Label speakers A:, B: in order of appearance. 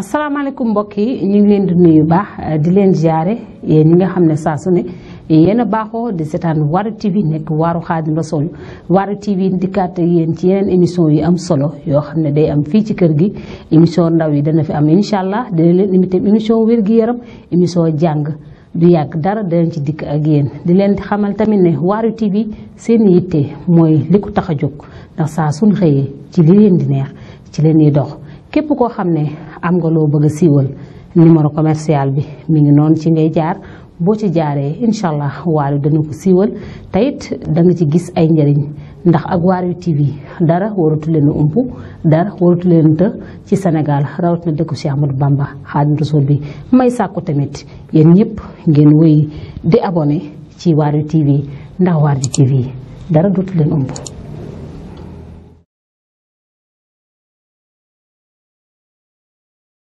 A: asalaamaaleykum mbokk yi ñu ngi leen di nuyu baax eh, di leen ziare yéen ñi nga xam ne saa su ne yéen a baaxoo di seetaan Waarwi TV nekk waaru Xaadim Rasul Waarwi TV dikkaat yéen ci yeneen émission yu am solo yoo xam ne day am fii ci kër gi émission ndaw yi dana fi am incha allah dina leen émission wér-gi-yaram émission jàng du yàgg dara danañ ci dikk ak yéen di leen xamal tamit ne Waarwi TV seen yitte mooy li ko tax a jóg ndax saa suñ xëyee ci li leen di neex ci leen di dox képp koo xam ne am nga loo bëgg a siiwal numéro commercial bi mu ngi noonu ci ngay jaar boo ci jaaree incha allah waalo dana ko siiwal te it da nga ci gis ay njëriñ ndax ak Waarwi TV dara waratu leen ump dara waratu leen të ci Sénégal rawatina dëkku Cheikh Ahmadou Bamba Xaadimu Rasuul bi may sàkku tamit yéen ñëpp ngeen wéy di abonné ci Waarwi TV ndax Waarwi TV dara dootu leen ump.